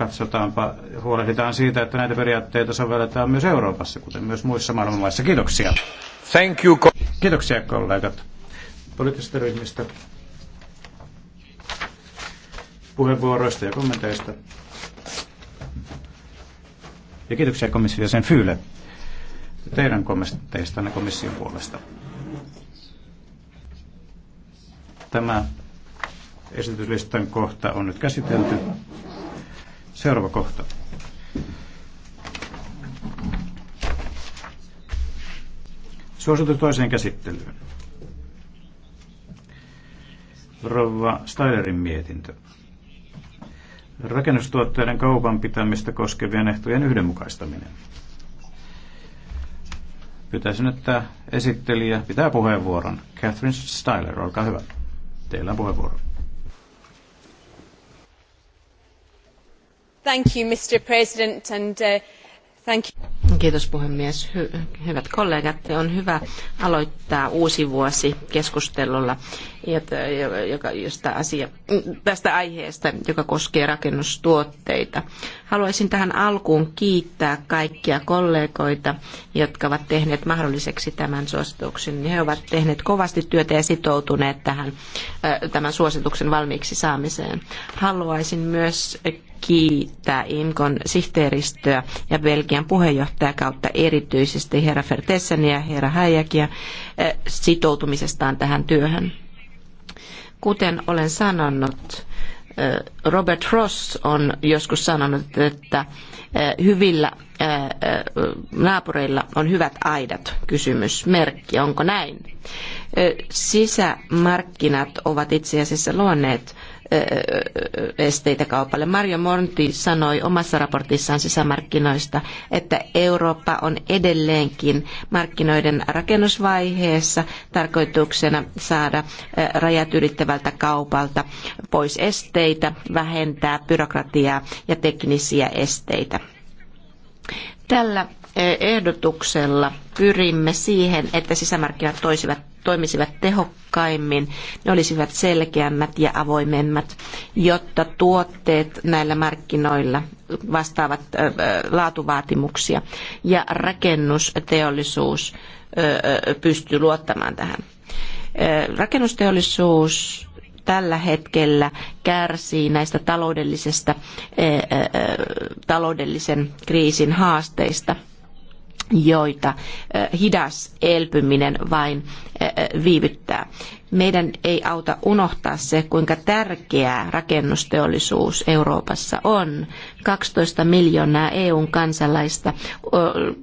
katsotaanpa, huolehditaan siitä, että näitä periaatteita sovelletaan myös Euroopassa, kuten myös muissa maailmanmaissa. Kiitoksia. Thank you. Kiitoksia kollegat poliittisista ryhmistä puheenvuoroista ja kommenteista. Ja kiitoksia komissio sen Fyyle teidän kommenteistanne komission puolesta. Tämä esityslistan kohta on nyt käsitelty. Seuraava kohta. Suositus toiseen käsittelyyn. Rova Steilerin mietintö. Rakennustuotteiden kaupan pitämistä koskevien ehtojen yhdenmukaistaminen. Pyytäisin, että esittelijä pitää puheenvuoron. Catherine Styler, olkaa hyvä. Teillä on puheenvuoro. mr president uh, puhemies. hyvät kollegat, on hyvä aloittaa uusi vuosi keskustelulla josta asia, tästä aiheesta, joka koskee rakennustuotteita. Haluaisin tähän alkuun kiittää kaikkia kollegoita, jotka ovat tehneet mahdolliseksi tämän suosituksen. He ovat tehneet kovasti työtä ja sitoutuneet tähän, tämän suosituksen valmiiksi saamiseen. Haluaisin myös kiittää IMKON sihteeristöä ja Belgian puheenjohtajakautta erityisesti herra Fertessania ja herra Häijäkiä eh, sitoutumisestaan tähän työhön. Kuten olen sanonut, eh, Robert Ross on joskus sanonut, että eh, hyvillä naapureilla on hyvät aidat, kysymysmerkki, onko näin? Sisämarkkinat ovat itse asiassa luoneet esteitä kaupalle. Mario Monti sanoi omassa raportissaan sisämarkkinoista, että Eurooppa on edelleenkin markkinoiden rakennusvaiheessa tarkoituksena saada rajat ylittävältä kaupalta pois esteitä, vähentää byrokratiaa ja teknisiä esteitä. Tällä ehdotuksella pyrimme siihen, että sisämarkkinat toisivat, toimisivat tehokkaimmin, ne olisivat selkeämmät ja avoimemmat, jotta tuotteet näillä markkinoilla vastaavat laatuvaatimuksia ja rakennusteollisuus pystyy luottamaan tähän. Rakennusteollisuus tällä hetkellä kärsii näistä taloudellisesta, taloudellisen kriisin haasteista – joita hidas elpyminen vain viivyttää. Meidän ei auta unohtaa se, kuinka tärkeää rakennusteollisuus Euroopassa on. 12 miljoonaa EUn kansalaista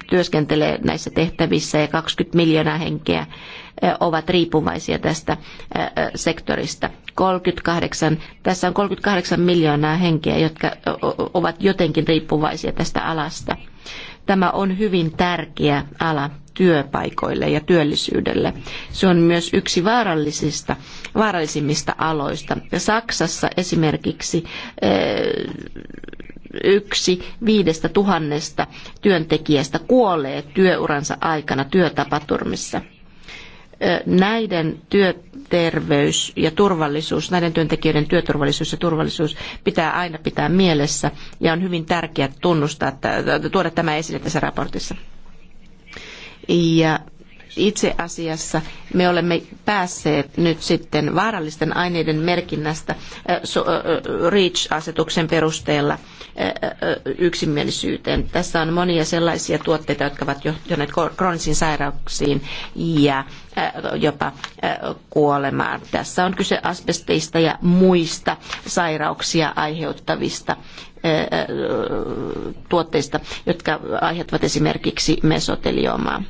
työskentelee näissä tehtävissä ja 20 miljoonaa henkeä ovat riippuvaisia tästä sektorista. 38, tässä on 38 miljoonaa henkeä, jotka ovat jotenkin riippuvaisia tästä alasta. Tämä on hyvin tärkeä ala työpaikoille ja työllisyydelle. Se on myös yksi vaarallisista, vaarallisimmista aloista. Ja Saksassa esimerkiksi eh, yksi viidestä tuhannesta työntekijästä kuolee työuransa aikana työtapaturmissa näiden työterveys ja turvallisuus, näiden työntekijöiden työturvallisuus ja turvallisuus pitää aina pitää mielessä ja on hyvin tärkeää tunnustaa, tuoda tämä esille tässä raportissa. Ja itse asiassa me olemme päässeet nyt sitten vaarallisten aineiden merkinnästä REACH-asetuksen perusteella yksimielisyyteen. Tässä on monia sellaisia tuotteita, jotka ovat johtaneet kroonisiin sairauksiin ja jopa kuolemaan. Tässä on kyse asbesteista ja muista sairauksia aiheuttavista tuotteista, jotka aiheuttavat esimerkiksi mesoteliomaa.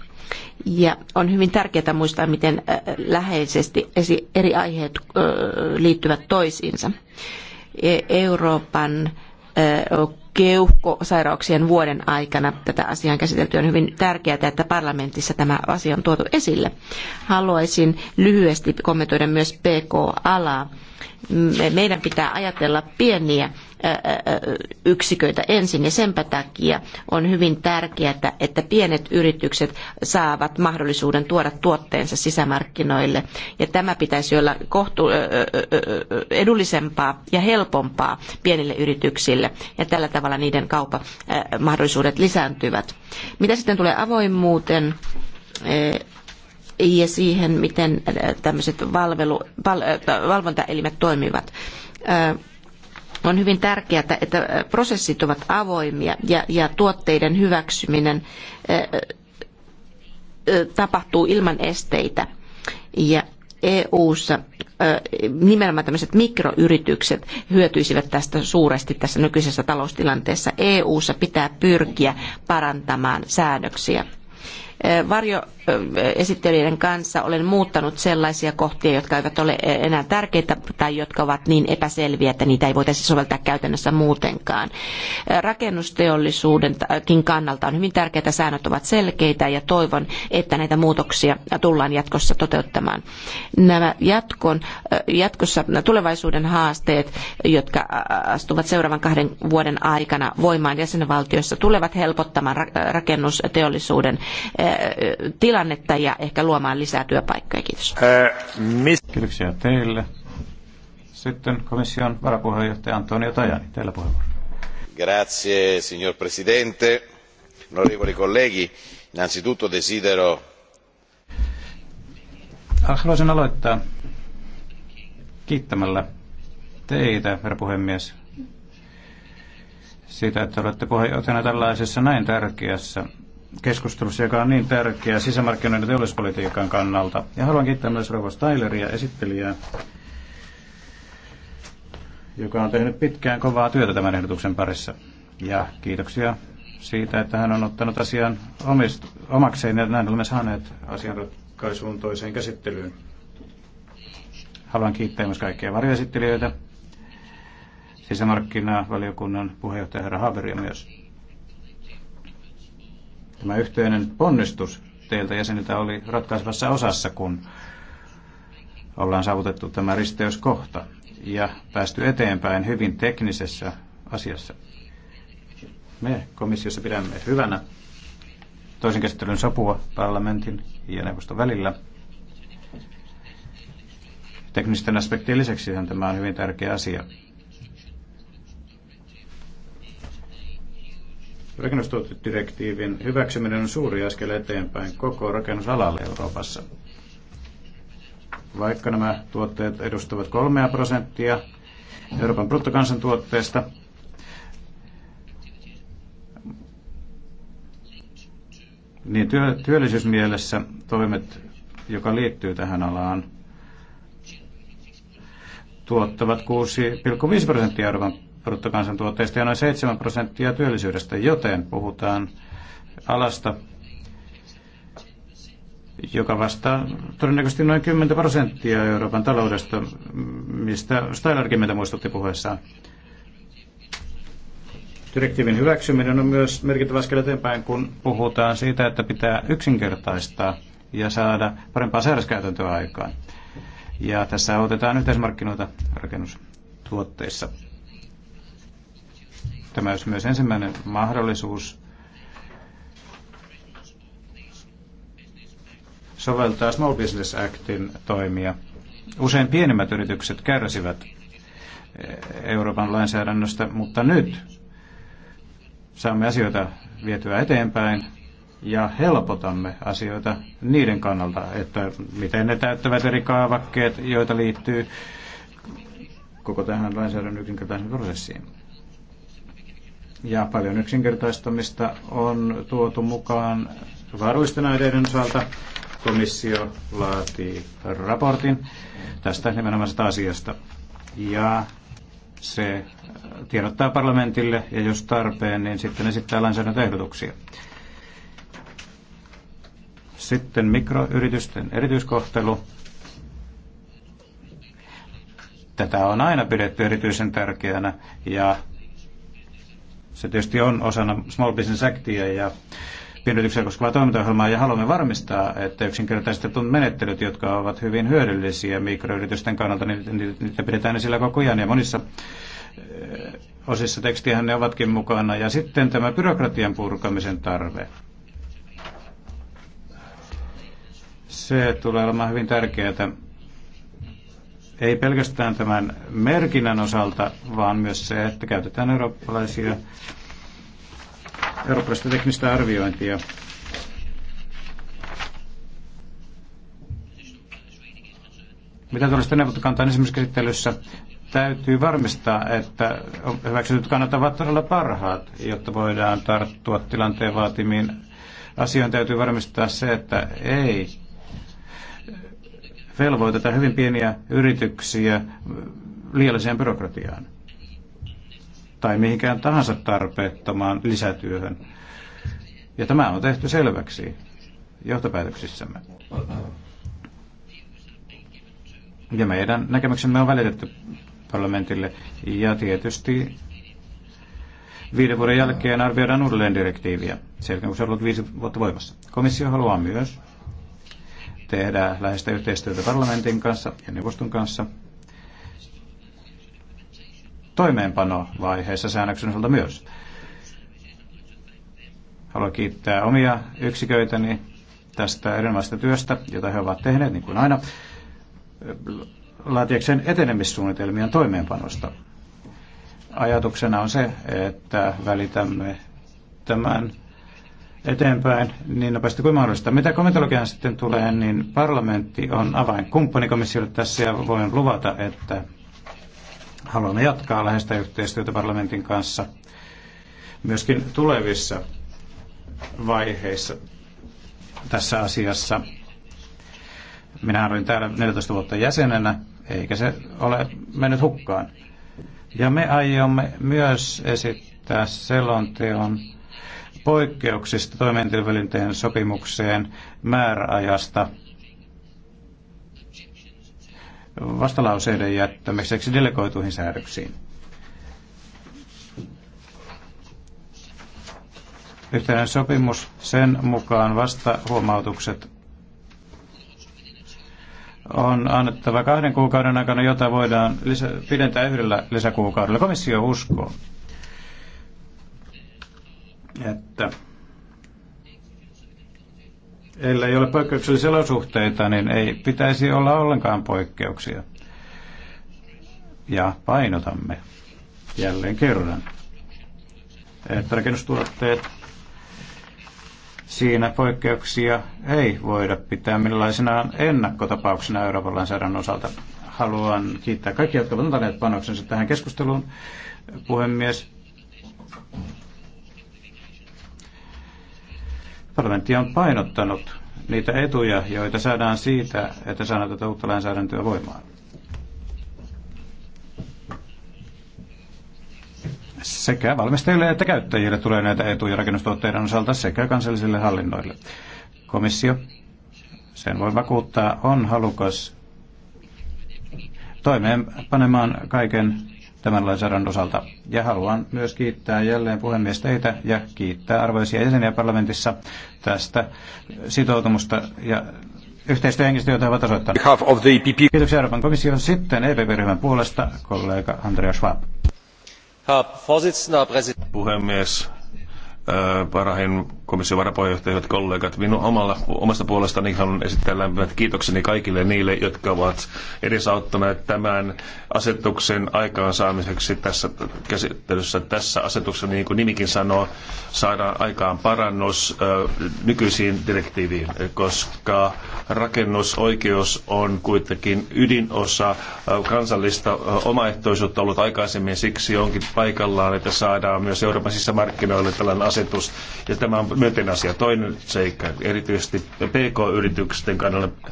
Ja on hyvin tärkeää muistaa, miten äh, läheisesti eri aiheet äh, liittyvät toisiinsa. E-, Euroopan äh, keuhkosairauksien vuoden aikana tätä asiaa on käsitelty. On hyvin tärkeää, että parlamentissa tämä asia on tuotu esille. Haluaisin lyhyesti kommentoida myös PK-alaa meidän pitää ajatella pieniä yksiköitä ensin ja senpä takia on hyvin tärkeää, että pienet yritykset saavat mahdollisuuden tuoda tuotteensa sisämarkkinoille ja tämä pitäisi olla kohtu- edullisempaa ja helpompaa pienille yrityksille ja tällä tavalla niiden kaupamahdollisuudet lisääntyvät. Mitä sitten tulee avoimuuteen, ja siihen, miten äh, tämmöiset valvelu, val, äh, valvontaelimet toimivat. Äh, on hyvin tärkeää, että prosessit ovat avoimia ja, ja tuotteiden hyväksyminen tapahtuu ilman esteitä. Ja EU-ssa nimenomaan tämmöiset mikroyritykset hyötyisivät tästä suuresti tässä nykyisessä taloustilanteessa. EU-ssa pitää pyrkiä parantamaan säädöksiä. Varjo esittelijöiden kanssa olen muuttanut sellaisia kohtia, jotka eivät ole enää tärkeitä tai jotka ovat niin epäselviä, että niitä ei voitaisi soveltaa käytännössä muutenkaan. Rakennusteollisuudenkin kannalta on hyvin tärkeää, että säännöt ovat selkeitä ja toivon, että näitä muutoksia tullaan jatkossa toteuttamaan. Nämä jatkon, jatkossa tulevaisuuden haasteet, jotka astuvat seuraavan kahden vuoden aikana voimaan jäsenvaltioissa, tulevat helpottamaan rakennusteollisuuden tilannetta eh, tilannetta ja ehkä luomaan lisää työpaikkoja. Kiitos. Ää, äh, mis... Kiitoksia teille. Sitten komission varapuheenjohtaja Antonio Tajani, teillä puheenvuoro. Grazie, signor Presidente. Onorevoli colleghi, innanzitutto desidero... Haluaisin aloittaa kiittämällä teitä, herra puhemies, siitä, että olette puheenjohtajana tällaisessa näin tärkeässä keskustelussa, joka on niin tärkeä sisämarkkinoiden teollispolitiikan kannalta. Ja haluan kiittää myös Rovo Styleria, esittelijää, joka on tehnyt pitkään kovaa työtä tämän ehdotuksen parissa. Ja kiitoksia siitä, että hän on ottanut asian omist, omakseen ja näin olemme saaneet asian ratkaisuun toiseen käsittelyyn. Haluan kiittää myös kaikkia varjoesittelijöitä, sisämarkkinavaliokunnan puheenjohtaja herra Haberia myös. Tämä yhteinen ponnistus teiltä jäseniltä oli ratkaisevassa osassa, kun ollaan saavutettu tämä risteyskohta ja päästy eteenpäin hyvin teknisessä asiassa. Me komissiossa pidämme hyvänä toisen käsittelyn sopua parlamentin ja neuvoston välillä. Teknisten aspektien lisäksi tämä on hyvin tärkeä asia. Rakennustuotedirektiivin hyväksyminen on suuri askel eteenpäin koko rakennusalalle Euroopassa. Vaikka nämä tuotteet edustavat 3 prosenttia Euroopan bruttokansantuotteesta, niin työ, työllisyysmielessä toimet, joka liittyy tähän alaan, tuottavat 6,5 prosenttia Euroopan bruttokansantuotteesta ja noin 7 prosenttia työllisyydestä, joten puhutaan alasta, joka vastaa todennäköisesti noin 10 prosenttia Euroopan taloudesta, mistä Steilerkin meitä muistutti puheessaan. Direktiivin hyväksyminen on myös merkittävä askel eteenpäin, kun puhutaan siitä, että pitää yksinkertaistaa ja saada parempaa säädöskäytäntöä aikaan. Ja tässä otetaan yhteismarkkinoita rakennustuotteissa tämä olisi myös ensimmäinen mahdollisuus soveltaa Small Business Actin toimia. Usein pienimmät yritykset kärsivät eh, Euroopan lainsäädännöstä, mutta nyt saamme asioita vietyä eteenpäin ja helpotamme asioita niiden kannalta, että miten ne täyttävät eri kaavakkeet, joita liittyy koko tähän lainsäädännön yksinkertaisen prosessiin ja paljon yksinkertaistamista on tuotu mukaan varuisten aineiden osalta. Komissio laatii raportin tästä nimenomaisesta asiasta ja se äh, tiedottaa parlamentille ja jos tarpeen, niin sitten esittää lainsäädäntöehdotuksia. Sitten mikroyritysten erityiskohtelu. Tätä on aina pidetty erityisen tärkeänä ja se tietysti on osana Small Business Actia ja pienyrityksiä koskevaa toimintaohjelmaa ja haluamme varmistaa, että yksinkertaistetut menettelyt, jotka ovat hyvin hyödyllisiä mikroyritysten kannalta, niin niitä pidetään esillä koko ajan ja monissa eh, osissa tekstiähän ne ovatkin mukana. Ja sitten tämä byrokratian purkamisen tarve. Se tulee olemaan hyvin tärkeää ei pelkästään tämän merkinnän osalta, vaan myös se, että käytetään eurooppalaisia, eurooppalaista teknistä arviointia. Mitä tulee sitten neuvottokantaan esimerkiksi käsittelyssä, täytyy varmistaa, että hyväksytyt kannat ovat todella parhaat, jotta voidaan tarttua tilanteen vaatimiin asioihin. Täytyy varmistaa se, että ei velvoitetaan hyvin pieniä yrityksiä liialliseen byrokratiaan tai mihinkään tahansa tarpeettomaan lisätyöhön. Ja tämä on tehty selväksi johtopäätöksissämme. Ja meidän näkemyksemme on välitetty parlamentille. Ja tietysti viiden vuoden jälkeen arvioidaan uudelleen direktiiviä, sen kun se on ollut viisi vuotta voimassa. Komissio haluaa myös tehdä läheistä yhteistyötä parlamentin kanssa ja neuvoston kanssa. Toimeenpanovaiheessa säännöksen osalta myös. Haluan kiittää omia yksiköitäni tästä erinomaisesta työstä, jota he ovat tehneet, niin kuin aina, laatiakseen etenemissuunnitelmien toimeenpanosta. Ajatuksena on se, että välitämme tämän eteenpäin niin nopeasti kuin mahdollista. Mitä komitologiaan sitten tulee, niin parlamentti on avain kumppanikomissiolle tässä ja voin luvata, että haluamme jatkaa läheistä yhteistyötä parlamentin kanssa myöskin tulevissa vaiheissa tässä asiassa. Minä olin täällä 14 vuotta jäsenenä, eikä se ole mennyt hukkaan. Ja me aiomme myös esittää selonteon poikkeuksista toimintavälinteen sopimukseen määräajasta vastalauseiden jättämiseksi delegoituihin säädöksiin. Yhteinen sopimus, sen mukaan vasta huomautukset on annettava kahden kuukauden aikana, jota voidaan lisä, pidentää yhdellä lisäkuukaudella. Komissio uskoo, että ellei ole poikkeuksellisia olosuhteita, niin ei pitäisi olla ollenkaan poikkeuksia. Ja painotamme jälleen kerran, että rakennustuotteet siinä poikkeuksia ei voida pitää millaisinaan ennakkotapauksena Euroopan lainsäädännön osalta. Haluan kiittää kaikkia, jotka ovat antaneet panoksensa tähän keskusteluun. Puhemies, Parlamentti on painottanut niitä etuja, joita saadaan siitä, että saadaan tätä uutta lainsäädäntöä voimaan. Sekä valmistajille että käyttäjille tulee näitä etuja rakennustuotteiden osalta sekä kansallisille hallinnoille. Komissio, sen voi vakuuttaa, on halukas toimeenpanemaan kaiken tämän lainsäädännön osalta. Ja haluan myös kiittää jälleen puhemies teitä ja kiittää arvoisia jäseniä parlamentissa tästä sitoutumusta ja yhteistyöhengistä, jota he ovat osoittaneet. Kiitoksia Euroopan komission. Sitten EPP-ryhmän puolesta kollega Andreas Schwab. puhemies, parahin äh, komission varapuheenjohtaja, hyvät kollegat. Minun omalla, omasta puolestani haluan esittää lämpimät kiitokseni kaikille niille, jotka ovat edesauttaneet tämän asetuksen aikaansaamiseksi tässä käsittelyssä. Tässä asetuksessa, niin kuin nimikin sanoo, saadaan aikaan parannus ö, nykyisiin direktiiviin, koska rakennusoikeus on kuitenkin ydinosa kansallista ö, omaehtoisuutta ollut aikaisemmin. Siksi onkin paikallaan, että saadaan myös Euroopan sisämarkkinoille tällainen asetus. Ja tämä on myönteinen asia. Toinen seikka, erityisesti PK-yritysten kannalta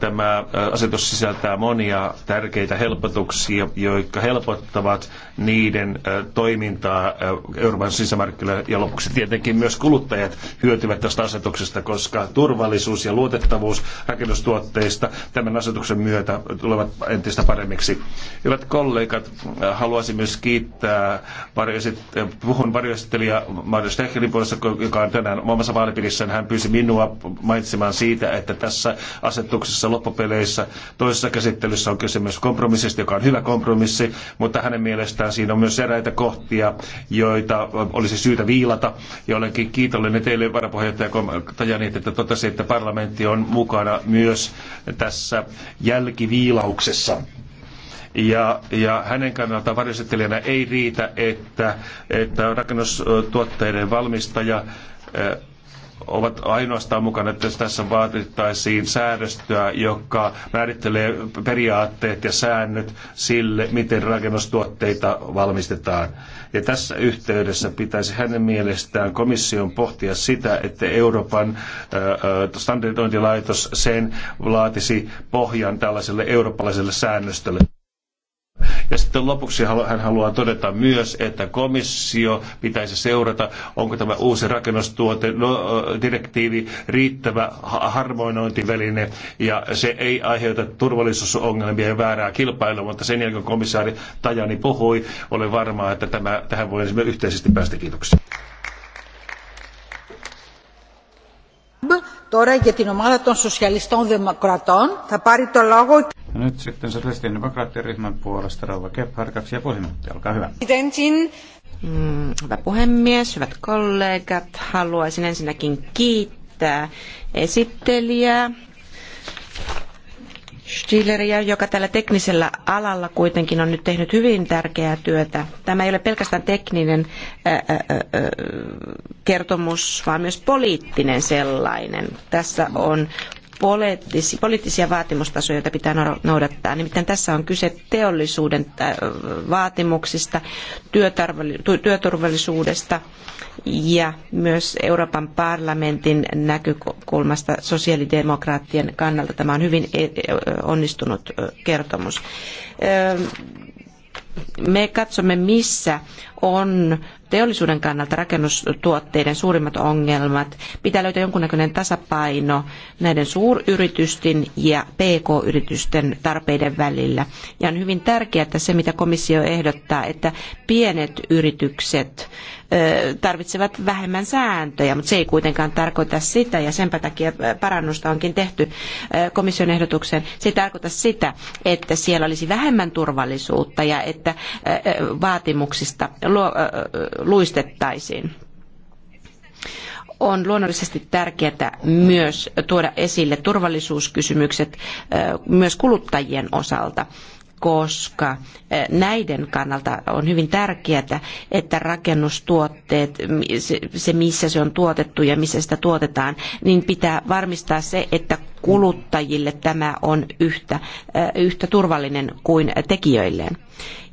Tämä asetus sisältää monia tärkeitä helpotuksia, jotka helpottavat niiden toimintaa Euroopan sisämarkkinoilla ja lopuksi tietenkin myös kuluttajat hyötyvät tästä asetuksesta, koska turvallisuus ja luotettavuus rakennustuotteista tämän asetuksen myötä tulevat entistä paremmiksi. Hyvät kollegat, haluaisin myös kiittää varjoesitt- puhun varjoesittelijä Mario Stechelin puolesta, joka on tänään omassa vaalipiirissään. Hän pyysi minua mainitsemaan siitä, että tässä asetuksessa tarkistuksessa loppupeleissä toisessa käsittelyssä on kysymys kompromissista, joka on hyvä kompromissi, mutta hänen mielestään siinä on myös eräitä kohtia, joita olisi syytä viilata. Ja olenkin kiitollinen teille varapuheenjohtaja Tajani, että totesi, että parlamentti on mukana myös tässä jälkiviilauksessa. Ja, ja, hänen kannaltaan varjoesittelijänä ei riitä, että, että rakennustuotteiden valmistaja ovat ainoastaan mukana, että tässä vaatittaisiin säädöstöä, joka määrittelee periaatteet ja säännöt sille, miten rakennustuotteita valmistetaan. Ja tässä yhteydessä pitäisi hänen mielestään komission pohtia sitä, että Euroopan standardointilaitos sen laatisi pohjan tällaiselle eurooppalaiselle säännöstölle. Ja sitten lopuksi hän haluaa todeta myös, että komissio pitäisi seurata, onko tämä uusi rakennustuote, no, direktiivi riittävä harmoinointiväline ja se ei aiheuta turvallisuusongelmia ja väärää kilpailua, mutta sen jälkeen komissaari Tajani puhui, olen varma, että tämä, tähän voisimme yhteisesti päästä. Kiitoksia. Τώρα για την ομάδα των Σοσιαλιστών Δημοκρατών θα πάρει το λόγο ja nyt sitten sosialistien demokraattien ryhmän puolesta Rauva Gebhard, kaksi ja puoli minuuttia, olkaa hyvä. Mm, hyvä puhemies, hyvät kollegat, haluaisin ensinnäkin kiittää esittelijää Stilleria, joka tällä teknisellä alalla kuitenkin on nyt tehnyt hyvin tärkeää työtä. Tämä ei ole pelkästään tekninen kertomus, vaan myös poliittinen sellainen. Tässä on poliittisia, poliittisia vaatimustasoja, joita pitää noudattaa. Nimittäin tässä on kyse teollisuuden äh, vaatimuksista, työturvallisuudesta ja myös Euroopan parlamentin näkökulmasta sosiaalidemokraattien kannalta tämä on hyvin e, e, onnistunut kertomus me katsomme, missä on teollisuuden kannalta rakennustuotteiden suurimmat ongelmat. Pitää löytää jonkunnäköinen tasapaino näiden suuryritysten ja PK-yritysten tarpeiden välillä. Ja on hyvin tärkeää, että se mitä komissio ehdottaa, että pienet yritykset tarvitsevat vähemmän sääntöjä, mutta se ei kuitenkaan tarkoita sitä, ja senpä takia parannusta onkin tehty komission ehdotukseen. Se ei tarkoita sitä, että siellä olisi vähemmän turvallisuutta ja että vaatimuksista luistettaisiin on luonnollisesti tärkeää myös tuoda esille turvallisuuskysymykset myös kuluttajien osalta koska eh, näiden kannalta on hyvin tärkeää, että rakennustuotteet, se missä se on tuotettu ja missä sitä tuotetaan, niin pitää varmistaa se, että kuluttajille tämä on yhtä, eh, yhtä turvallinen kuin tekijöilleen.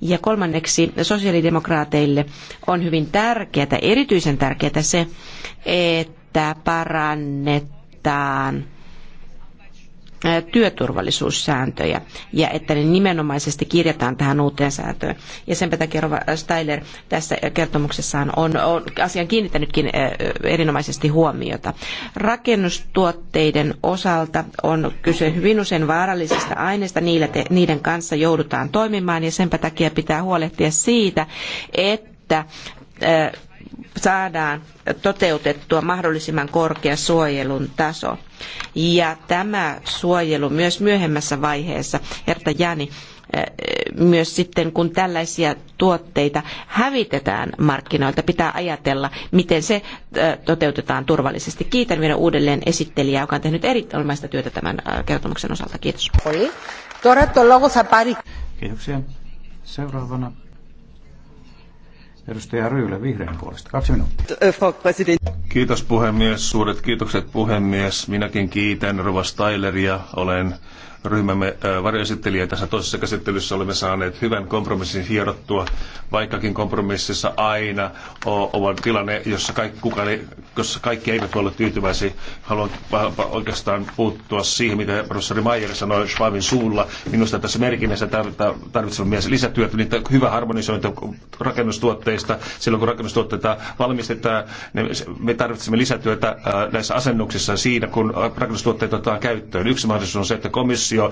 Ja kolmanneksi sosiaalidemokraateille on hyvin tärkeää, erityisen tärkeää se, että parannetaan työturvallisuussääntöjä ja että ne nimenomaisesti kirjataan tähän uuteen sääntöön. Ja senpä takia Rova Steiler tässä kertomuksessaan on, on asian kiinnittänytkin erinomaisesti huomiota. Rakennustuotteiden osalta on kyse hyvin usein vaarallisista aineista, niiden kanssa joudutaan toimimaan ja senpä takia pitää huolehtia siitä, että saadaan toteutettua mahdollisimman korkea suojelun taso. Ja tämä suojelu myös myöhemmässä vaiheessa, Herta Jani, eh, myös sitten kun tällaisia tuotteita hävitetään markkinoilta, pitää ajatella, miten se eh, toteutetaan turvallisesti. Kiitän vielä uudelleen esittelijää, joka on tehnyt erinomaista työtä tämän eh, kertomuksen osalta. Kiitos. Kiitoksia. Seuraavana Edustaja Ryylä vihreän puolesta. Kaksi minuuttia. Kiitos puhemies. Suuret kiitokset puhemies. Minäkin kiitän Rova Styleria. Olen ryhmämme varjoesittelijä tässä toisessa käsittelyssä olemme saaneet hyvän kompromissin hierottua, vaikkakin kompromississa aina on tilanne, jossa kaikki, kukaan ei, jossa kaikki eivät voi olla tyytyväisiä. Haluan oikeastaan puuttua siihen, mitä professori Mayer sanoi Schwabin suulla. Minusta tässä merkinnässä tarvitsemme myös lisätyötä, niin hyvä harmonisointi rakennustuotteista. Silloin kun rakennustuotteita valmistetaan, me tarvitsemme lisätyötä näissä asennuksissa siinä, kun rakennustuotteita otetaan käyttöön. Yksi mahdollisuus on se, että komissio komissio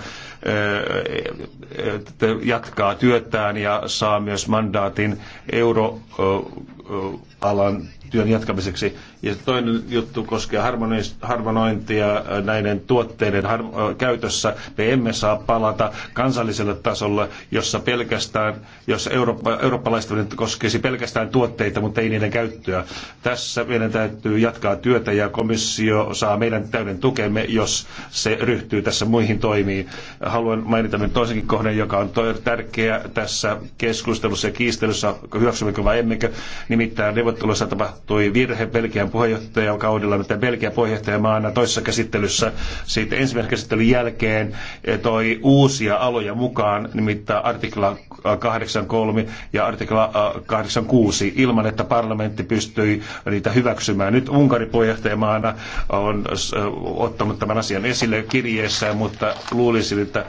jatkaa työtään ja saa myös mandaatin euroalan työn jatkamiseksi. Ja toinen juttu koskee harmonointia äh, näiden tuotteiden äh, käytössä. Me emme saa palata kansalliselle tasolle, jossa pelkästään, jos eurooppa, eurooppalaistaminen koskisi pelkästään tuotteita, mutta ei niiden käyttöä. Tässä meidän täytyy jatkaa työtä ja komissio saa meidän täyden tukemme, jos se ryhtyy tässä muihin toimiin. Haluan mainita nyt toisenkin kohden, joka on tärkeä tässä keskustelussa ja kiistelyssä, hyväksymmekö vai emmekö. Nimittäin neuvottelussa tapahtui virhe Belgian puheenjohtajakaudella, mitä Belgia puheenjohtajamaana toisessa käsittelyssä siitä ensimmäisen käsittelyn jälkeen eh, toi uusia aloja mukaan, nimittäin artikla 83 eh, ja artikla 86, eh, ilman että parlamentti pystyi niitä hyväksymään. Nyt Unkarin puheenjohtajamaana on ottanut tämän asian esille kirjeessään, mutta luulisin, että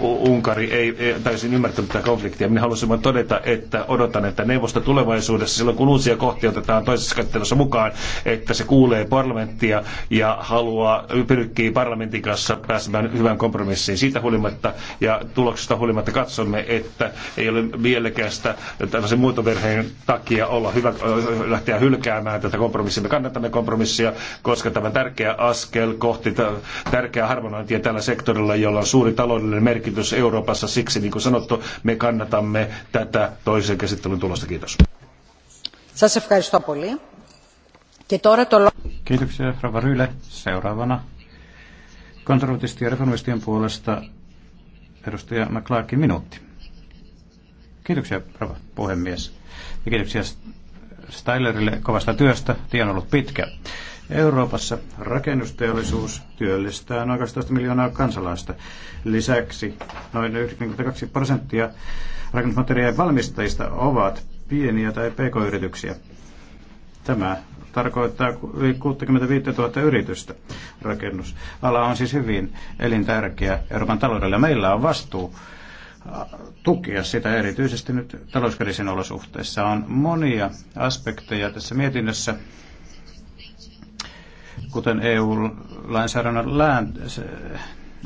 Unkari ei, ei täysin ymmärtänyt tätä konfliktia. Minä haluaisin vain todeta, että odotan, että neuvosto tulevaisuudessa, silloin kun uusia kohtia otetaan toisessa käsittelyssä mukaan, että se kuulee parlamenttia ja haluaa, pyrkii parlamentin kanssa pääsemään hyvään kompromissiin. Siitä huolimatta ja tuloksesta huolimatta katsomme, että ei ole mielekästä tällaisen muotoverheen takia olla hyvä, lähteä hylkäämään tätä kompromissia. Me kannatamme kompromissia, koska tämä tärkeä askel kohti tärkeää harmonointia tällä sektorilla, jolla on suuri taloudellinen merkitys Euroopassa. Siksi, niin kuin sanottu, me kannatamme tätä toisen käsittelyn tulosta. Kiitos. Σας ευχαριστώ πολύ. Kiitoksia, Rova Ryle. Seuraavana konservatisti ja reformistien puolesta edustaja McClarkin minuutti. Kiitoksia, Rava. puhemies. Ja kiitoksia Stylerille kovasta työstä. Tie on ollut pitkä. Euroopassa rakennusteollisuus työllistää noin 12 miljoonaa kansalaista. Lisäksi noin 92 prosenttia rakennusmateriaalien valmistajista ovat pieniä tai pk-yrityksiä. Tämä tarkoittaa yli 65 000 yritystä. Rakennusala on siis hyvin elintärkeä Euroopan taloudelle. Meillä on vastuu äh, tukea sitä erityisesti nyt talouskriisin olosuhteissa. On monia aspekteja tässä mietinnössä, kuten EU-lainsäädännön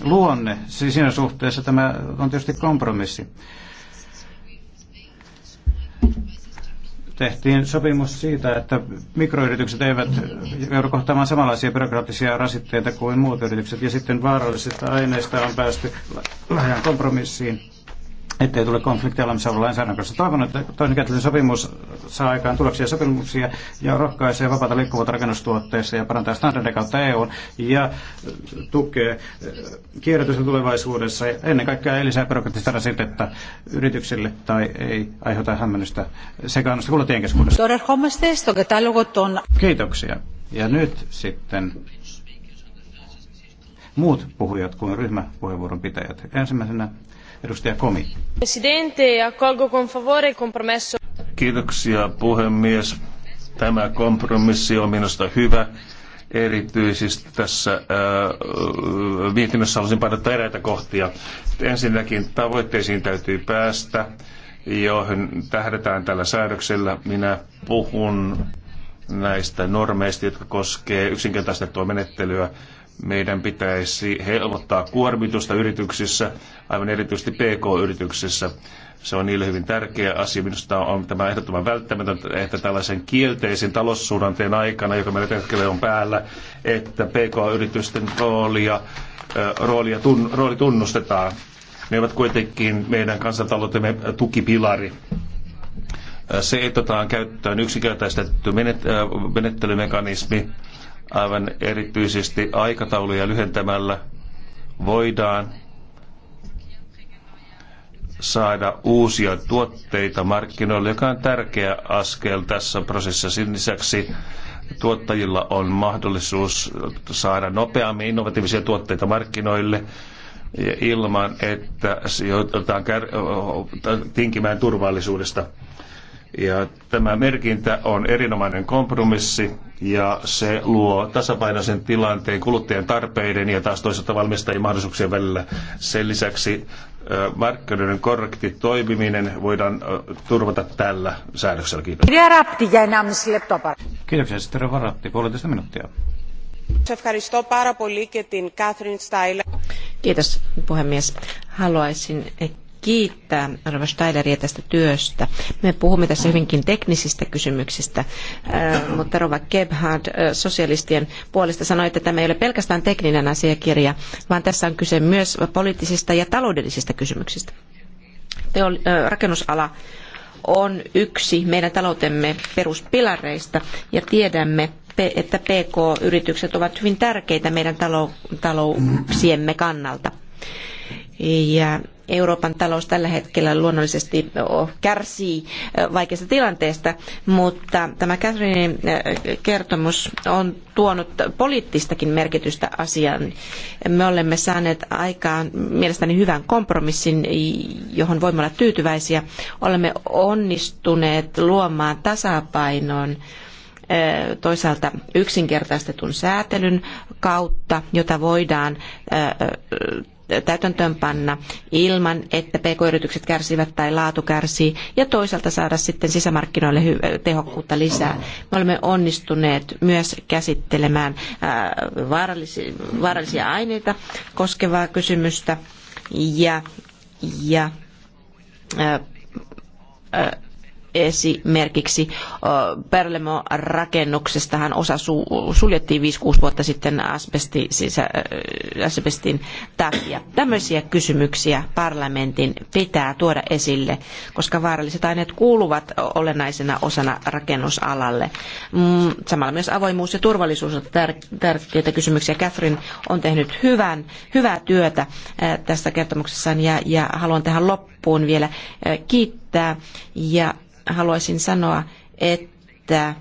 luonne. Siinä suhteessa tämä on tietysti kompromissi tehtiin sopimus siitä, että mikroyritykset eivät joudu kohtaamaan samanlaisia byrokraattisia rasitteita kuin muut yritykset. Ja sitten vaarallisista aineista on päästy laajan kompromissiin ettei tule konflikteja olemassa olla lainsäädännön kanssa. Toivon, että toisenkäytöllinen sopimus saa aikaan tuloksia sopimuksia ja rohkaisee vapaata liikkuvuutta rakennustuotteissa ja parantaa standardeja kautta EUn ja tukee eh, kierrätystä tulevaisuudessa. Ja ennen kaikkea ei lisää byrokratista rasitetta yrityksille tai ei aiheuta hämmennystä sekaannusta kuluttajien keskuudessa. Kiitoksia. Ja nyt sitten muut puhujat kuin ryhmäpuheenvuoron pitäjät. Ensimmäisenä Edustaja Komi. Presidente, accolgo con favore compromesso. Kiitoksia puhemies. Tämä kompromissi on minusta hyvä. Erityisesti tässä äh, mietinnössä haluaisin painottaa eräitä kohtia. Ensinnäkin tavoitteisiin täytyy päästä, joihin tähdetään tällä säädöksellä. Minä puhun näistä normeista, jotka koskee yksinkertaistettua menettelyä meidän pitäisi helpottaa kuormitusta yrityksissä, aivan erityisesti PK-yrityksissä. Se on niille hyvin tärkeä asia. Minusta on tämä ehdottoman välttämätöntä, että tällaisen kielteisen taloussuhdanteen aikana, joka meillä hetkellä on päällä, että PK-yritysten roolia, roolia tun, rooli tunnustetaan. Ne ovat kuitenkin meidän kansantaloutemme tukipilari se, että otetaan käyttöön yksinkertaistetty menettelymekanismi, aivan erityisesti aikatauluja lyhentämällä voidaan saada uusia tuotteita markkinoille, joka on tärkeä askel tässä prosessissa. Sen lisäksi tuottajilla on mahdollisuus saada nopeammin innovatiivisia tuotteita markkinoille ilman, että joudutaan tinkimään turvallisuudesta. Ja tämä merkintä on erinomainen kompromissi ja se luo tasapainoisen tilanteen kuluttajien tarpeiden ja taas toisaalta valmistajien mahdollisuuksien välillä. Sen lisäksi markkinoiden korrekti toimiminen voidaan turvata tällä säädöksellä. Kiitos. Kiitoksia. Sitten varatti puolitoista minuuttia. Kiitos puhemies. Haluaisin kiittää Rova Steileria tästä työstä. Me puhumme tässä hyvinkin teknisistä kysymyksistä, äh, mutta Rova Gebhard äh, sosialistien puolesta sanoi, että tämä ei ole pelkästään tekninen asiakirja, vaan tässä on kyse myös poliittisista ja taloudellisista kysymyksistä. Äh, rakennusala on yksi meidän taloutemme peruspilareista ja tiedämme, että PK-yritykset ovat hyvin tärkeitä meidän talouksiemme kannalta. Ja Euroopan talous tällä hetkellä luonnollisesti kärsii vaikeasta tilanteesta, mutta tämä Catherinein kertomus on tuonut poliittistakin merkitystä asiaan. Me olemme saaneet aikaan mielestäni hyvän kompromissin, johon voimme olla tyytyväisiä. Olemme onnistuneet luomaan tasapainon toisaalta yksinkertaistetun säätelyn kautta, jota voidaan täytäntöönpanna ilman, että pk-yritykset kärsivät tai laatu kärsii, ja toisaalta saada sitten sisämarkkinoille tehokkuutta lisää. Me olemme onnistuneet myös käsittelemään äh, vaarallisia, vaarallisia aineita koskevaa kysymystä ja, ja ää, äh, ää, äh, esimerkiksi Perlemo-rakennuksestahan osa suljettiin 5-6 vuotta sitten asbesti, sisä, asbestin takia. Tämmöisiä kysymyksiä parlamentin pitää tuoda esille, koska vaaralliset aineet kuuluvat olennaisena osana rakennusalalle. Mm, samalla myös avoimuus ja turvallisuus ovat tärkeitä kysymyksiä. Catherine on tehnyt hyvän, hyvää työtä tässä kertomuksessaan ja, ja haluan tähän loppuun vielä kiittää ja haluaisin sanoa, että äh,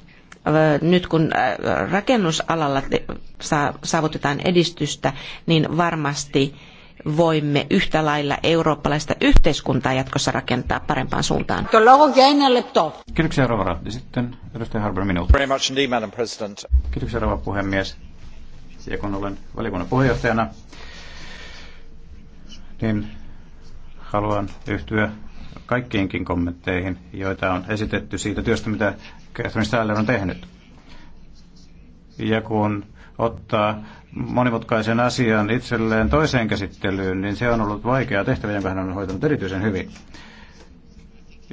nyt kun äh, rakennusalalla saavutetaan edistystä, niin varmasti voimme yhtä lailla eurooppalaista yhteiskuntaa jatkossa rakentaa parempaan suuntaan. Kiitoksia rouva Sitten edustaja Harbour minuutti. Very much indeed, Madam President. Kiitoksia rouva puhemies. Ja kun olen valiokunnan puheenjohtajana, niin haluan yhtyä kaikkiinkin kommentteihin, joita on esitetty siitä työstä, mitä Catherine Styler on tehnyt. Ja kun ottaa monimutkaisen asian itselleen toiseen käsittelyyn, niin se on ollut vaikea tehtävä, jonka hän on hoitanut erityisen hyvin.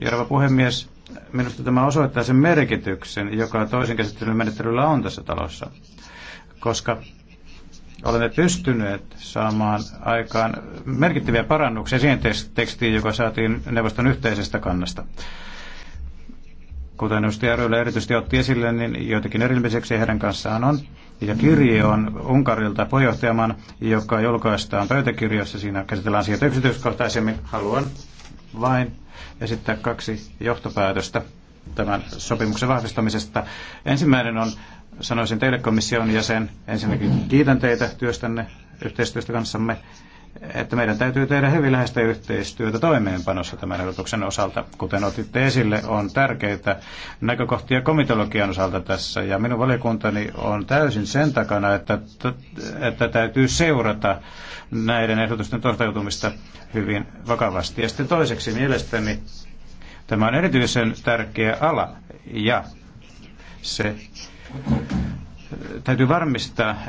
Järvä puhemies, minusta tämä osoittaa sen merkityksen, joka toisen käsittelyn menettelyllä on tässä talossa, koska olemme pystyneet saamaan aikaan merkittäviä parannuksia siihen tekstiin, joka saatiin neuvoston yhteisestä kannasta. Kuten edustaja Röylä erityisesti otti esille, niin joitakin erilliseksi heidän kanssaan on. Ja kirje on Unkarilta puheenjohtajaman, joka julkaistaan pöytäkirjassa. Siinä käsitellään siitä yksityiskohtaisemmin. Haluan vain esittää kaksi johtopäätöstä tämän sopimuksen vahvistamisesta. Ensimmäinen on, sanoisin teille komission jäsen, ensinnäkin kiitän teitä työstänne, yhteistyöstä kanssamme, että meidän täytyy tehdä hyvin läheistä yhteistyötä toimeenpanossa tämän ehdotuksen osalta. Kuten otitte esille, on tärkeitä näkökohtia komitologian osalta tässä, ja minun valiokuntani on täysin sen takana, että, että täytyy seurata näiden ehdotusten toteutumista hyvin vakavasti. Ja sitten toiseksi mielestäni Tämä on erityisen tärkeä ala ja se äh, täytyy varmistaa, äh,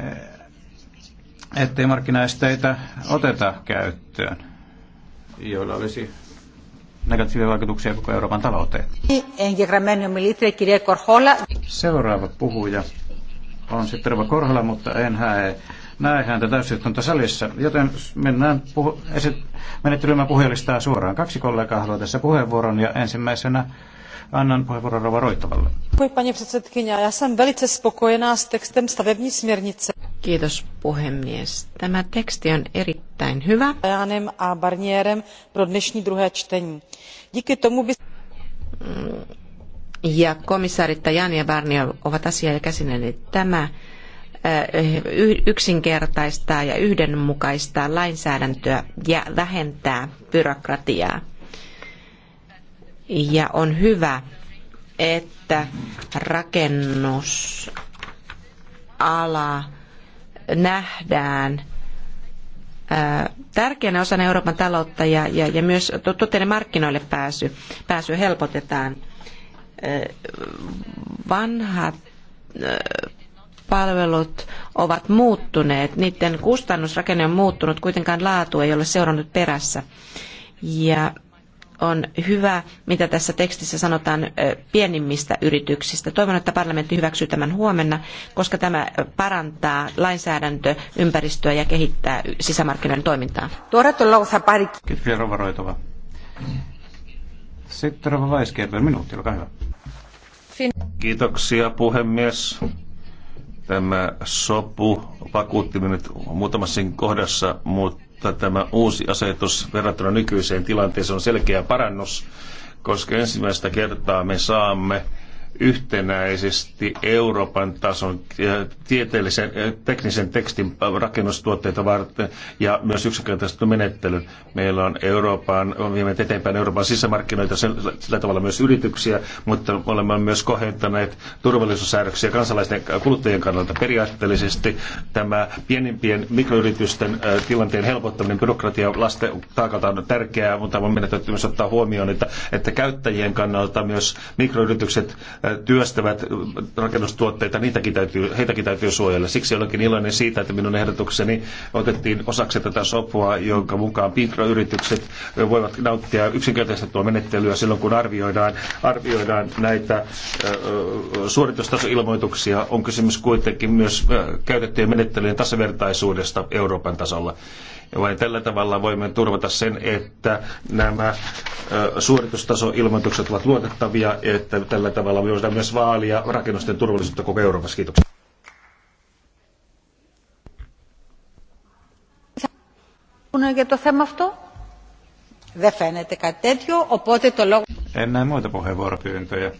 ettei markkinaesteitä oteta käyttöön, joilla olisi negatiivisia vaikutuksia koko Euroopan talouteen. Seuraava puhuja on sitten Rova Korhola, mutta en hae näe häntä täysistuntosalissa, joten mennään puhu- esit- menettelyymän suoraan. Kaksi kollegaa haluaa tässä puheenvuoron ja ensimmäisenä annan puheenvuoron Rova Roittavalle. Kiitos puhemies. Tämä teksti on erittäin hyvä. Janem Barnierem tomu mm, Ja komissaarit Tajani ja Barnier ovat asiaa ja käsineet. Tämä yksinkertaistaa ja yhdenmukaistaa lainsäädäntöä ja vähentää byrokratiaa. Ja on hyvä, että rakennusala nähdään tärkeänä osana Euroopan taloutta ja, ja, ja myös tuotteiden markkinoille pääsy, pääsy helpotetaan. Vanhat palvelut ovat muuttuneet, niiden kustannusrakenne on muuttunut, kuitenkaan laatu ei ole seurannut perässä. Ja on hyvä, mitä tässä tekstissä sanotaan pienimmistä yrityksistä. Toivon, että parlamentti hyväksyy tämän huomenna, koska tämä parantaa lainsäädäntöympäristöä ja kehittää sisämarkkinoiden toimintaa. Kiitoksia, Rova Roitova. Sitten Rova Vaiskierpel, minuutti, olkaa hyvä. Kiitoksia, puhemies. Tämä sopu vakuutti minut muutamassakin kohdassa, mutta tämä uusi asetus verrattuna nykyiseen tilanteeseen on selkeä parannus, koska ensimmäistä kertaa me saamme yhtenäisesti Euroopan tason äh, tieteellisen äh, teknisen tekstin äh, rakennustuotteita varten ja myös yksinkertaistettu menettely. Meillä on Euroopan, viime eteenpäin Euroopan sisämarkkinoita sillä tavalla myös yrityksiä, mutta olemme myös kohentaneet turvallisuussäädöksiä kansalaisten kuluttajien kannalta periaatteellisesti. Tämä pienimpien mikroyritysten tilanteen helpottaminen byrokratia lasten taakalta on tärkeää, mutta on menetetty myös ottaa huomioon, että, että käyttäjien kannalta myös mikroyritykset työstävät rakennustuotteita, niitäkin täytyy, heitäkin täytyy suojella. Siksi olenkin iloinen siitä, että minun ehdotukseni otettiin osaksi tätä sopua, jonka mukaan mikroyritykset voivat nauttia yksinkertaistettua menettelyä silloin, kun arvioidaan, arvioidaan näitä suoritustasoilmoituksia. On kysymys kuitenkin myös käytettyjen menettelyjen tasavertaisuudesta Euroopan tasolla. Vain tällä tavalla voimme turvata sen, että nämä suoritustasoilmoitukset ovat luotettavia, että tällä tavalla voidaan myös vaalia rakennusten turvallisuutta koko Euroopassa. Kiitoksia. En näe muita puheenvuoropyyntöjä,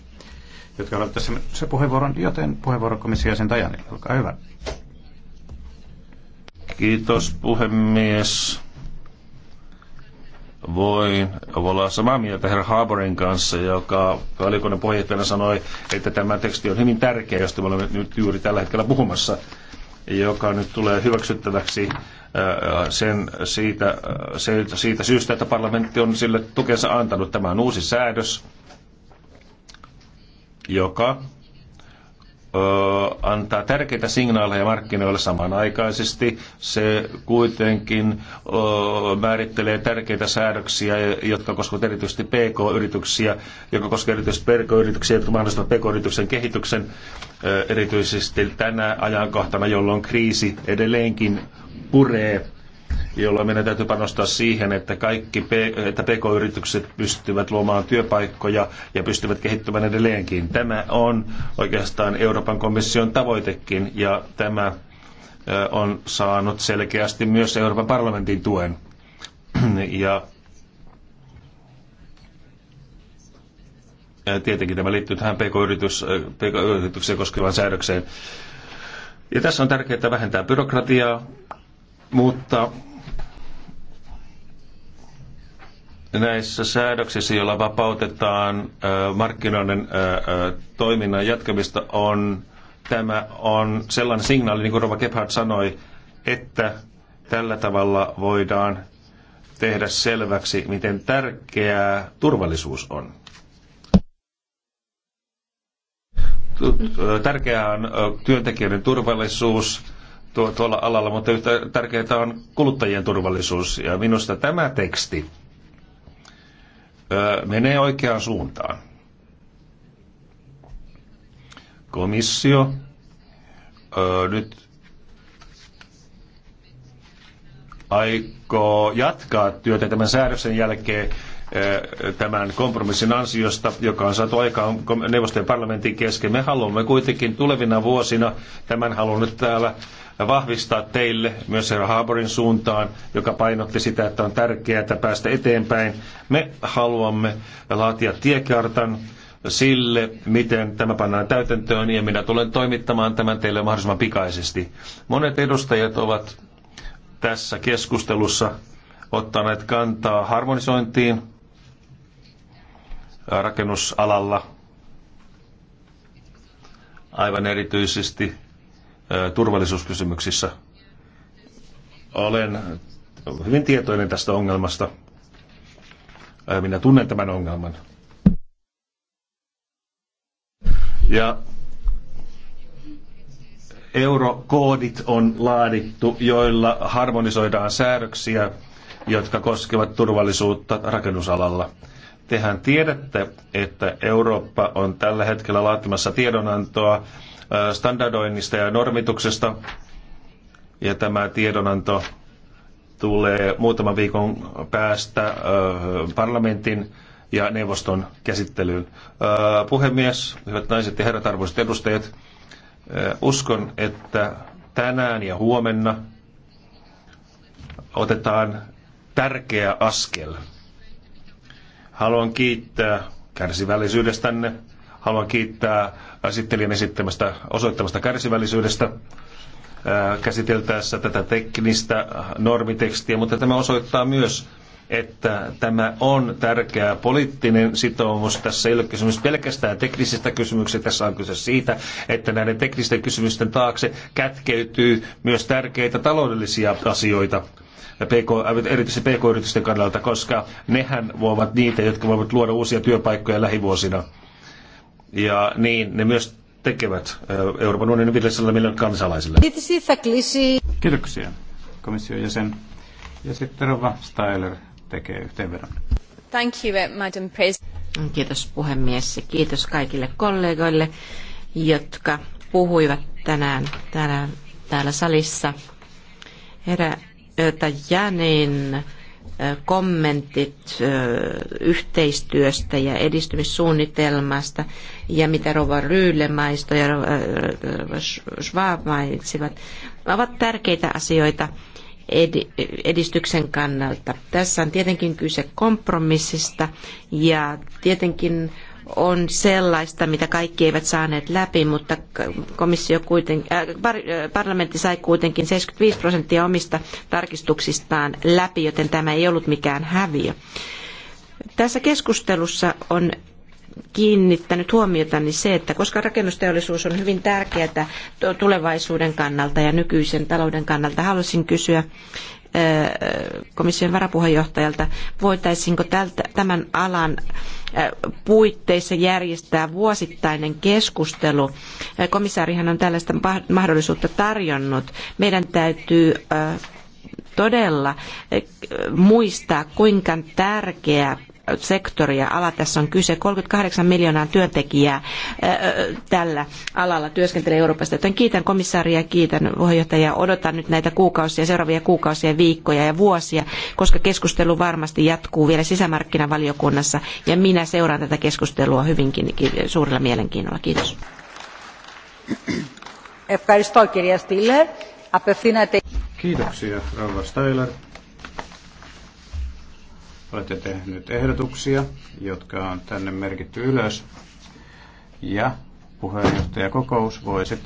jotka ovat tässä se puheenvuoron, joten puheenvuoro komission jäsen Tajani, olkaa hyvä. Kiitos puhemies. Voin olla samaa mieltä herra Haaborin kanssa, joka valiokunnan puheenjohtajana sanoi, että tämä teksti on hyvin tärkeä, josta me olemme nyt juuri tällä hetkellä puhumassa, joka nyt tulee hyväksyttäväksi äh, sen, siitä, äh, siitä syystä, että parlamentti on sille tukensa antanut. Tämä on uusi säädös, joka antaa tärkeitä signaaleja markkinoille samanaikaisesti. Se kuitenkin määrittelee tärkeitä säädöksiä, jotka koskevat erityisesti PK-yrityksiä, jotka koskevat erityisesti PK-yrityksiä, jotka mahdollistavat PK-yrityksen kehityksen erityisesti tänä ajankohtana, jolloin kriisi edelleenkin puree jolloin meidän täytyy panostaa siihen, että kaikki että PK-yritykset pystyvät luomaan työpaikkoja ja pystyvät kehittymään edelleenkin. Tämä on oikeastaan Euroopan komission tavoitekin ja tämä on saanut selkeästi myös Euroopan parlamentin tuen. Ja tietenkin tämä liittyy tähän PK-yrityksiä PK koskevaan säädökseen. Ja tässä on tärkeää vähentää byrokratiaa, mutta näissä säädöksissä, joilla vapautetaan markkinoiden toiminnan jatkamista, on, tämä on sellainen signaali, niin kuin Rova Gebhardt sanoi, että tällä tavalla voidaan tehdä selväksi, miten tärkeää turvallisuus on. Tärkeää on työntekijöiden turvallisuus tuolla alalla, mutta yhtä tärkeää on kuluttajien turvallisuus. Ja minusta tämä teksti menee oikeaan suuntaan. Komissio nyt aikoo jatkaa työtä tämän säädöksen jälkeen tämän kompromissin ansiosta, joka on saatu aikaan neuvostojen parlamentin kesken. Me haluamme kuitenkin tulevina vuosina, tämän haluan nyt täällä vahvistaa teille myös herra Haaborin suuntaan, joka painotti sitä, että on tärkeää että päästä eteenpäin. Me haluamme laatia tiekartan sille, miten tämä pannaan täytäntöön, ja minä tulen toimittamaan tämän teille mahdollisimman pikaisesti. Monet edustajat ovat tässä keskustelussa ottaneet kantaa harmonisointiin rakennusalalla, aivan erityisesti turvallisuuskysymyksissä. Olen hyvin tietoinen tästä ongelmasta. Minä tunnen tämän ongelman. Ja eurokoodit on laadittu, joilla harmonisoidaan säädöksiä, jotka koskevat turvallisuutta rakennusalalla. Tehän tiedätte, että Eurooppa on tällä hetkellä laatimassa tiedonantoa standardoinnista ja normituksesta. Ja tämä tiedonanto tulee muutaman viikon päästä parlamentin ja neuvoston käsittelyyn. Puhemies, hyvät naiset ja herrat, arvoisat edustajat, uskon, että tänään ja huomenna otetaan tärkeä askel. Haluan kiittää kärsivällisyydestänne Haluan kiittää esittelijän esittämästä osoittamasta kärsivällisyydestä äh, käsiteltäessä tätä teknistä normitekstiä, mutta tämä osoittaa myös, että tämä on tärkeä poliittinen sitoumus. Tässä ei ole kysymys pelkästään teknisistä kysymyksistä, tässä on kyse siitä, että näiden teknisten kysymysten taakse kätkeytyy myös tärkeitä taloudellisia asioita. PK, erityisesti PK-yritysten kannalta, koska nehän voivat niitä, jotka voivat luoda uusia työpaikkoja lähivuosina ja niin ne myös tekevät Euroopan unionin 500 miljoonan kansalaisille. Kiitoksia komission jäsen. Ja sitten Rova Styler tekee yhteenvedon. Thank you, eh, Madam President. Kiitos puhemies ja kiitos kaikille kollegoille, jotka puhuivat tänään, tänään täällä salissa. Herra Tajanin kommentit yhteistyöstä ja edistymissuunnitelmasta ja mitä Rova Ryylemaisto ja Schwab mainitsivat, ovat tärkeitä asioita edistyksen kannalta. Tässä on tietenkin kyse kompromissista ja tietenkin on sellaista, mitä kaikki eivät saaneet läpi, mutta komissio kuitenkin, äh, äh, parlamentti sai kuitenkin 75 prosenttia omista tarkistuksistaan läpi, joten tämä ei ollut mikään häviö. Tässä keskustelussa on kiinnittänyt huomiota niin se, että koska rakennusteollisuus on hyvin tärkeää tulevaisuuden kannalta ja nykyisen talouden kannalta, haluaisin kysyä komission varapuheenjohtajalta, voitaisiinko tämän alan puitteissa järjestää vuosittainen keskustelu. Komissaarihan on tällaista mahdollisuutta tarjonnut. Meidän täytyy todella muistaa, kuinka tärkeä sektoria, ala tässä on kyse, 38 miljoonaa työntekijää tällä alalla työskentelee Euroopasta. Joten kiitän komissaaria, kiitän puheenjohtajaa, odotan nyt näitä kuukausia, seuraavia kuukausia, viikkoja ja vuosia, koska keskustelu varmasti jatkuu vielä sisämarkkinavaliokunnassa ja minä seuraan tätä keskustelua hyvinkin suurella mielenkiinnolla. Kiitos. Kiitoksia, Rauva Steiler. Olette tehneet ehdotuksia, jotka on tänne merkitty ylös. Ja puheenjohtajakokous voi sitten